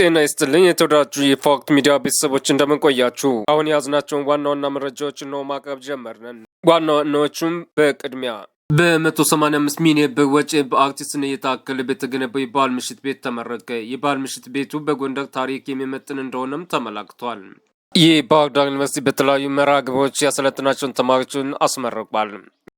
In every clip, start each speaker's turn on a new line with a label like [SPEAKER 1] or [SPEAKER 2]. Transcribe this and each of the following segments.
[SPEAKER 1] ጤና ይስጥልኝ የተወዳጁ የፋክት ሚዲያ ቤተሰቦች እንደምንቆያችሁ። አሁን የያዝናቸውን ዋና ዋና መረጃዎች ነው ማቅረብ ጀመርነን። ዋና ዋናዎቹም በቅድሚያ በ185 ሚሊዮን ብር ወጪ በአርቲስት ስንዬ ታከለ የባህል ምሽት ቤት ተመረቀ። የባህል ምሽት ቤቱ በጎንደር ታሪክ የሚመጥን እንደሆነም ተመላክቷል። የባህር ዳር ዩኒቨርሲቲ በተለያዩ መርሃ ግብሮች ያሰለጠናቸውን ተማሪዎችን አስመርቋል።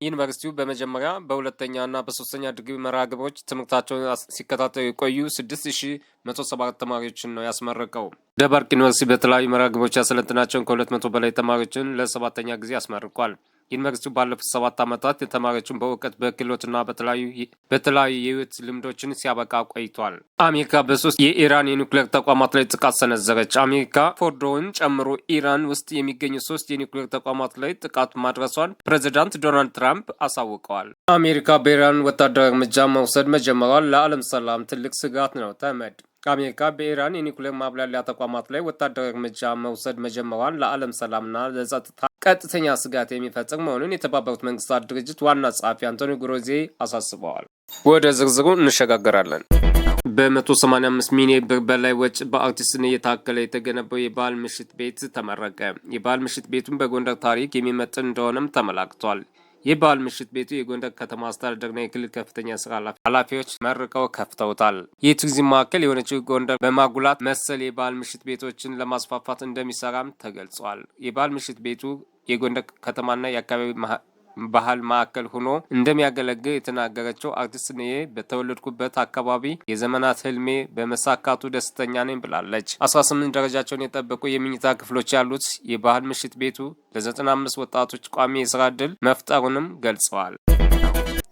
[SPEAKER 1] ዩኒቨርሲቲው በመጀመሪያ በሁለተኛ በሁለተኛና በሶስተኛ ዲግሪ መርሃ ግብሮች ትምህርታቸውን ሲከታተሉ የቆዩ 6174 ተማሪዎችን ነው ያስመረቀው። ደባርቅ ዩኒቨርሲቲ በተለያዩ መርሃ ግብሮች ያሰለጠናቸውን ከ200 በላይ ተማሪዎችን ለሰባተኛ ጊዜ አስመርቋል። ዩኒቨርሲቲው ባለፉት ሰባት ዓመታት የተማሪዎችን በእውቀት በክህሎትና በተለያዩ በተለያዩ የህይወት ልምዶችን ሲያበቃ ቆይቷል። አሜሪካ በሶስት የኢራን የኒውክሌር ተቋማት ላይ ጥቃት ሰነዘረች። አሜሪካ ፎርዶውን ጨምሮ ኢራን ውስጥ የሚገኙ ሶስት የኒውክሌር ተቋማት ላይ ጥቃት ማድረሷን ፕሬዚዳንት ዶናልድ ትራምፕ አሳውቀዋል። አሜሪካ በኢራን ወታደራዊ እርምጃ መውሰድ መጀመሯል ለዓለም ሰላም ትልቅ ስጋት ነው። ተመድ አሜሪካ በኢራን የኒውክሌር ማብላሊያ ተቋማት ላይ ወታደራዊ እርምጃ መውሰድ መጀመሯን ለዓለም ሰላምና ለጸጥታ ቀጥተኛ ስጋት የሚፈጽም መሆኑን የተባበሩት መንግስታት ድርጅት ዋና ጸሐፊ አንቶኒ ጉሮዜ አሳስበዋል። ወደ ዝርዝሩ እንሸጋገራለን። በ185 ሚሊዮን ብር በላይ ወጪ በአርቲስት እየታከለ የተገነባው የባህል ምሽት ቤት ተመረቀ። የባህል ምሽት ቤቱን በጎንደር ታሪክ የሚመጥን እንደሆነም ተመላክቷል። ይህ በዓል ምሽት ቤቱ የጎንደር ከተማ አስተዳደርና የክልል ከፍተኛ ስራ ኃላፊዎች መርቀው ከፍተውታል። ይህ ቱሪዝም ማዕከል የሆነችው ጎንደር በማጉላት መሰል የበዓል ምሽት ቤቶችን ለማስፋፋት እንደሚሰራም ተገልጿል። የበዓል ምሽት ቤቱ የጎንደር ከተማና የአካባቢ ባህል ማዕከል ሆኖ እንደሚያገለግል የተናገረችው አርቲስት ንዬ በተወለድኩበት አካባቢ የዘመናት ህልሜ በመሳካቱ ደስተኛ ነኝ ብላለች። 18 ደረጃቸውን የጠበቁ የምኝታ ክፍሎች ያሉት የባህል ምሽት ቤቱ ለ95 ወጣቶች ቋሚ የስራ እድል መፍጠሩንም ገልጸዋል።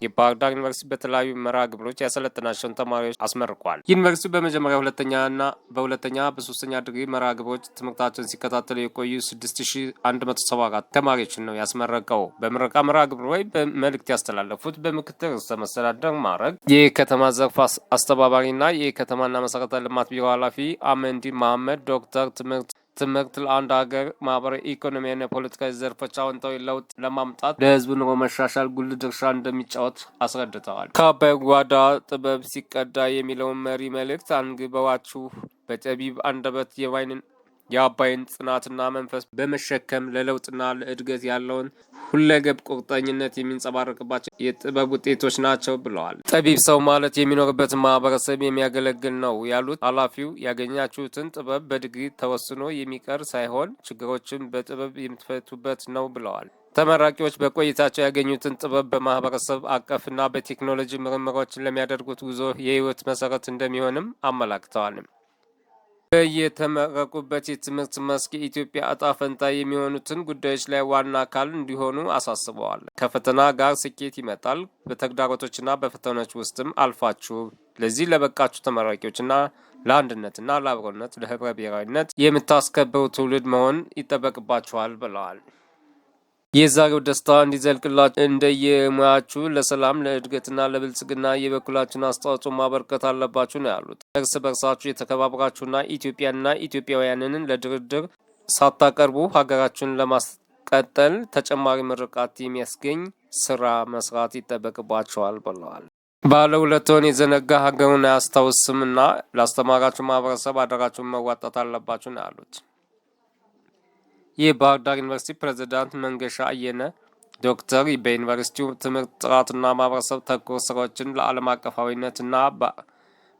[SPEAKER 1] የባህር ዳር ዩኒቨርሲቲ በተለያዩ መርሃ ግብሮች ያሰለጠናቸውን ተማሪዎች አስመርቋል። ዩኒቨርሲቲ በመጀመሪያ ሁለተኛና በሁለተኛ በሶስተኛ ድግሪ መርሃ ግብሮች ትምህርታቸውን ሲከታተሉ የቆዩ 6174 ተማሪዎችን ነው ያስመረቀው። በምረቃ መርሃ ግብሩ ወይ መልእክት ያስተላለፉት በምክትል ርዕሰ መስተዳደር ማዕረግ የከተማ ዘርፍ አስተባባሪና የከተማና መሰረተ ልማት ቢሮ ኃላፊ አመንዲ መሐመድ ዶክተር ትምህርት ትምህርት ለአንድ ሀገር ማህበራዊ፣ ኢኮኖሚያና የፖለቲካዊ ዘርፎች አዎንታዊ ለውጥ ለማምጣት ለህዝብ ኑሮ መሻሻል ጉልህ ድርሻ እንደሚጫወት አስረድተዋል። ከአባይ ጓዳ ጥበብ ሲቀዳ የሚለውን መሪ መልእክት አንግበዋችሁ በጠቢብ አንደበት የባይንን የአባይን ጽናትና መንፈስ በመሸከም ለለውጥና ለእድገት ያለውን ሁለገብ ቁርጠኝነት የሚንጸባረቅባቸው የጥበብ ውጤቶች ናቸው ብለዋል። ጠቢብ ሰው ማለት የሚኖርበትን ማህበረሰብ የሚያገለግል ነው ያሉት ኃላፊው ያገኛችሁትን ጥበብ በድግ ተወስኖ የሚቀር ሳይሆን ችግሮችን በጥበብ የምትፈቱበት ነው ብለዋል። ተመራቂዎች በቆይታቸው ያገኙትን ጥበብ በማህበረሰብ አቀፍና በቴክኖሎጂ ምርምሮችን ለሚያደርጉት ጉዞ የህይወት መሰረት እንደሚሆንም አመላክተዋል። በየተመረቁበት የትምህርት መስክ የኢትዮጵያ እጣ ፈንታ የሚሆኑትን ጉዳዮች ላይ ዋና አካል እንዲሆኑ አሳስበዋል። ከፈተና ጋር ስኬት ይመጣል። በተግዳሮቶችና በፈተናዎች ውስጥም አልፋችሁ ለዚህ ለበቃችሁ ተመራቂዎችና ለአንድነትና ለአብሮነት ለህብረ ብሔራዊነት የምታስከብሩ ትውልድ መሆን ይጠበቅባችኋል ብለዋል። የዛሬው ደስታ እንዲዘልቅላችሁ እንደየሙያችሁ ለሰላም ለእድገትና ለብልጽግና የበኩላችሁን አስተዋጽኦ ማበርከት አለባችሁ ነው ያሉት። እርስ በርሳችሁ የተከባብራችሁና ኢትዮጵያና ኢትዮጵያውያንን ለድርድር ሳታቀርቡ ሀገራችሁን ለማስቀጠል ተጨማሪ ምርቃት የሚያስገኝ ስራ መስራት ይጠበቅባቸዋል ብለዋል። ባለ ሁለት ወን የዘነጋ ሀገሩን አያስታውስምና ላስተማራችሁ ማህበረሰብ አደራችሁን መዋጣት አለባችሁ ነው ያሉት። የባህር ዳር ዩኒቨርሲቲ ፕሬዝዳንት መንገሻ አየነ ዶክተር በዩኒቨርሲቲው ትምህርት ጥራትና ማህበረሰብ ተኮር ስራዎችን ለዓለም አቀፋዊነትና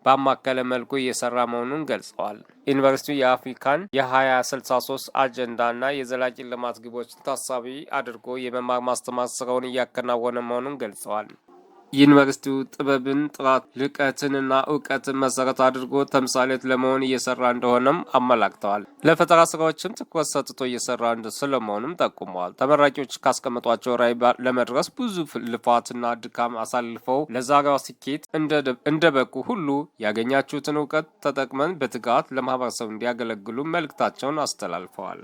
[SPEAKER 1] ባማከለ መልኩ እየሰራ መሆኑን ገልጸዋል። ዩኒቨርሲቲው የአፍሪካን የ2063 አጀንዳና የዘላቂ ልማት ግቦችን ታሳቢ አድርጎ የመማር ማስተማር ስራውን እያከናወነ መሆኑን ገልጸዋል። ዩኒቨርሲቲው ጥበብን፣ ጥራት፣ ልቀትንና እውቀትን መሰረት አድርጎ ተምሳሌት ለመሆን እየሰራ እንደሆነም አመላክተዋል። ለፈጠራ ስራዎችም ትኩረት ሰጥቶ እየሰራ ስለመሆኑም ጠቁመዋል። ተመራቂዎች ካስቀመጧቸው ራዕይ ለመድረስ ብዙ ልፋትና ድካም አሳልፈው ለዛሬዋ ስኬት እንደበቁ ሁሉ ያገኛችሁትን እውቀት ተጠቅመን በትጋት ለማህበረሰብ እንዲያገለግሉ መልእክታቸውን አስተላልፈዋል።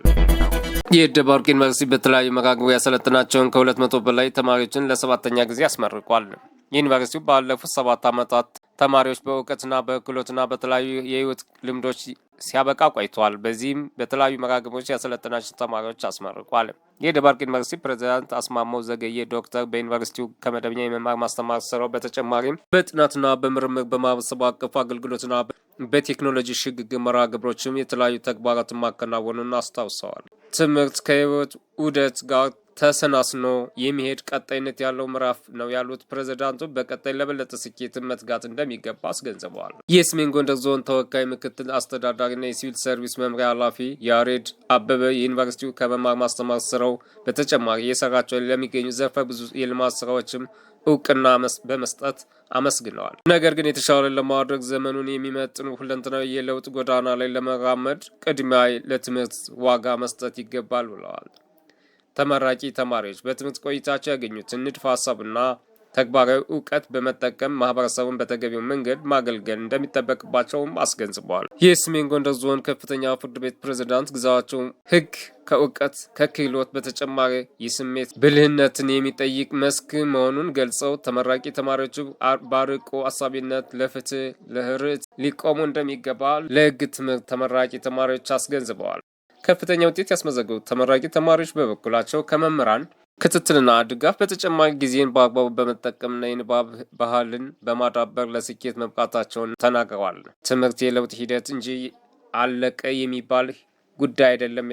[SPEAKER 1] የደባርቅ ዩኒቨርሲቲ በተለያዩ መጋግቡ ያሰለጥናቸውን ከሁለት መቶ በላይ ተማሪዎችን ለሰባተኛ ጊዜ አስመርቋል። ዩኒቨርሲቲው ባለፉት ሰባት ዓመታት ተማሪዎች በእውቀትና በክህሎትና በተለያዩ የህይወት ልምዶች ሲያበቃ ቆይተዋል። በዚህም በተለያዩ መራግቦች ያሰለጠናቸው ተማሪዎች አስመርቋል። የደባርቅ ዩኒቨርሲቲ ፕሬዚዳንት አስማማው ዘገየ ዶክተር በዩኒቨርሲቲው ከመደበኛ የመማር ማስተማር ስራው በተጨማሪም በጥናትና በምርምር በማህበረሰቡ አቀፉ አገልግሎትና በቴክኖሎጂ ሽግግር መርሃ ግብሮችም የተለያዩ ተግባራትን ማከናወኑን አስታውሰዋል። ትምህርት ከህይወት ውደት ጋር ተሰናስኖ የሚሄድ ቀጣይነት ያለው ምዕራፍ ነው ያሉት ፕሬዝዳንቱ በቀጣይ ለበለጠ ስኬት መትጋት እንደሚገባ አስገንዝበዋል። የሰሜን ጎንደር ዞን ተወካይ ምክትል አስተዳዳሪና የሲቪል ሰርቪስ መምሪያ ኃላፊ ያሬድ አበበ የዩኒቨርሲቲው ከመማር ማስተማር ስራው በተጨማሪ የሰራቸው ለሚገኙ ዘርፈ ብዙ የልማት ስራዎችም እውቅና በመስጠት አመስግነዋል። ነገር ግን የተሻለ ለማድረግ ዘመኑን የሚመጥኑ ሁለንተናዊ የለውጥ ጎዳና ላይ ለመራመድ ቅድሚያ ለትምህርት ዋጋ መስጠት ይገባል ብለዋል። ተመራቂ ተማሪዎች በትምህርት ቆይታቸው ያገኙትን ንድፈ ሀሳብና ተግባራዊ እውቀት በመጠቀም ማህበረሰቡን በተገቢው መንገድ ማገልገል እንደሚጠበቅባቸውም አስገንዝበዋል። የሰሜን ጎንደር ዞን ከፍተኛ ፍርድ ቤት ፕሬዝዳንት ግዛቸው ህግ ከእውቀት ከክህሎት በተጨማሪ የስሜት ብልህነትን የሚጠይቅ መስክ መሆኑን ገልጸው ተመራቂ ተማሪዎቹ ባርቆ አሳቢነት ለፍትህ፣ ለርትዕ ሊቆሙ እንደሚገባ ለህግ ትምህርት ተመራቂ ተማሪዎች አስገንዝበዋል። ከፍተኛ ውጤት ያስመዘገቡት ተመራቂ ተማሪዎች በበኩላቸው ከመምህራን ክትትልና ድጋፍ በተጨማሪ ጊዜን በአግባቡ በመጠቀምና የንባብ ባህልን በማዳበር ለስኬት መብቃታቸውን ተናግረዋል። ትምህርት የለውጥ ሂደት እንጂ አለቀ የሚባል ጉዳይ አይደለም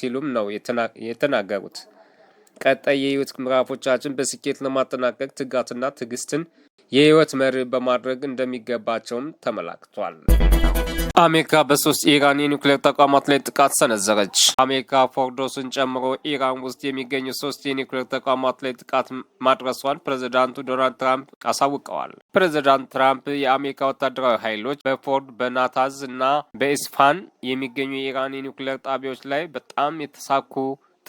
[SPEAKER 1] ሲሉም ነው የተናገሩት። ቀጣይ የህይወት ምዕራፎቻችን በስኬት ለማጠናቀቅ ትጋትና ትዕግስትን የህይወት መርህ በማድረግ እንደሚገባቸውም ተመላክቷል። አሜሪካ በሶስት የኢራን የኒውክሌር ተቋማት ላይ ጥቃት ሰነዘረች። አሜሪካ ፎርዶስን ጨምሮ ኢራን ውስጥ የሚገኙ ሶስት የኒውክሌር ተቋማት ላይ ጥቃት ማድረሷን ፕሬዚዳንቱ ዶናልድ ትራምፕ አሳውቀዋል። ፕሬዚዳንት ትራምፕ የአሜሪካ ወታደራዊ ኃይሎች በፎርድ በናታዝ እና በኢስፋን የሚገኙ የኢራን የኒውክሌር ጣቢያዎች ላይ በጣም የተሳኩ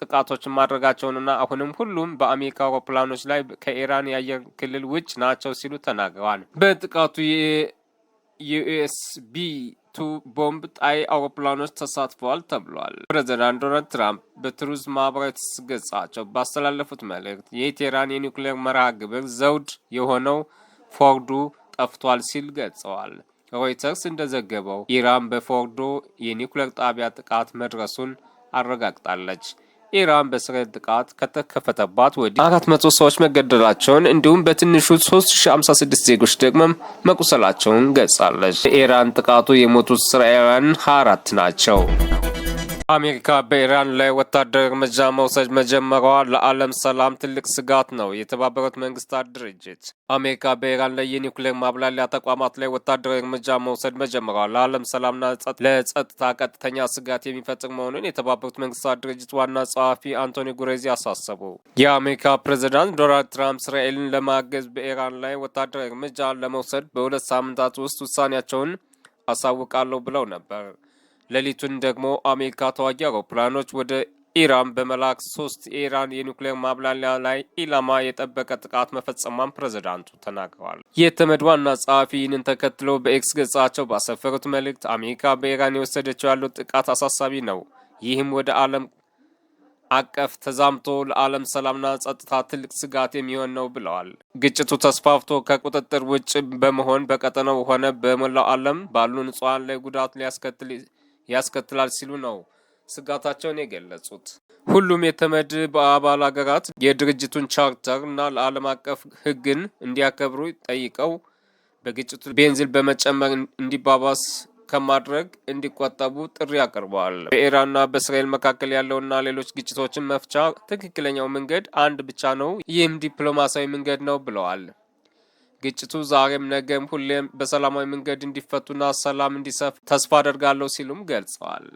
[SPEAKER 1] ጥቃቶችን ማድረጋቸውንና አሁንም ሁሉም በአሜሪካ አውሮፕላኖች ላይ ከኢራን የአየር ክልል ውጭ ናቸው ሲሉ ተናግረዋል። በጥቃቱ የዩኤስቢ ሁለቱ ቦምብ ጣይ አውሮፕላኖች ተሳትፈዋል ተብሏል። ፕሬዚዳንት ዶናልድ ትራምፕ በትሩዝ ማህበራዊ ትስስር ገጻቸው ባስተላለፉት መልእክት የኢቴራን የኒውክሌር መርሃ ግብር ዘውድ የሆነው ፎርዱ ጠፍቷል ሲል ገልጸዋል። ሮይተርስ እንደዘገበው ኢራን በፎርዶ የኒውክሌር ጣቢያ ጥቃት መድረሱን አረጋግጣለች። ኢራን በእስራኤል ጥቃት ከተከፈተባት ወዲህ 400 ሰዎች መገደላቸውን እንዲሁም በትንሹ 3056 ዜጎች ደግሞ መቁሰላቸውን ገልጻለች። በኢራን ጥቃቱ የሞቱት እስራኤላውያን 24 ናቸው። አሜሪካ በኢራን ላይ ወታደራዊ እርምጃ መውሰድ መጀመሯ ለዓለም ሰላም ትልቅ ስጋት ነው። የተባበሩት መንግስታት ድርጅት አሜሪካ በኢራን ላይ የኒውክሌር ማብላሊያ ተቋማት ላይ ወታደራዊ እርምጃ መውሰድ መጀመሯ ለዓለም ሰላምና ለጸጥታ ቀጥተኛ ስጋት የሚፈጥር መሆኑን የተባበሩት መንግስታት ድርጅት ዋና ጸሐፊ አንቶኒ ጉሬዚ አሳሰቡ። የአሜሪካ ፕሬዚዳንት ዶናልድ ትራምፕ እስራኤልን ለማገዝ በኢራን ላይ ወታደራዊ እርምጃ ለመውሰድ በሁለት ሳምንታት ውስጥ ውሳኔያቸውን አሳውቃለሁ ብለው ነበር። ሌሊቱን ደግሞ አሜሪካ ተዋጊ አውሮፕላኖች ወደ ኢራን በመላክ ሶስት የኢራን የኒውክሌር ማብላሊያ ላይ ኢላማ የጠበቀ ጥቃት መፈጸሟን ፕሬዝዳንቱ ተናግረዋል። የተመድ ዋና ጸሐፊ ይህንን ተከትሎ በኤክስ ገጻቸው ባሰፈሩት መልእክት አሜሪካ በኢራን የወሰደችው ያለው ጥቃት አሳሳቢ ነው፣ ይህም ወደ ዓለም አቀፍ ተዛምቶ ለዓለም ሰላምና ጸጥታ ትልቅ ስጋት የሚሆን ነው ብለዋል። ግጭቱ ተስፋፍቶ ከቁጥጥር ውጭ በመሆን በቀጠናው ሆነ በመላው ዓለም ባሉ ንጹሐን ላይ ጉዳት ሊያስከትል ያስከትላል ሲሉ ነው ስጋታቸውን የገለጹት። ሁሉም የተመድ በአባል አገራት የድርጅቱን ቻርተር እና ለዓለም አቀፍ ሕግን እንዲያከብሩ ጠይቀው በግጭቱ ቤንዚን በመጨመር እንዲባባስ ከማድረግ እንዲቆጠቡ ጥሪ አቅርበዋል። በኢራንና በእስራኤል መካከል ያለውና ሌሎች ግጭቶችን መፍቻ ትክክለኛው መንገድ አንድ ብቻ ነው፣ ይህም ዲፕሎማሲያዊ መንገድ ነው ብለዋል። ግጭቱ ዛሬም ነገም ሁሌም በሰላማዊ መንገድ እንዲፈቱና ሰላም እንዲሰፍ ተስፋ አደርጋለሁ ሲሉም ገልጸዋል።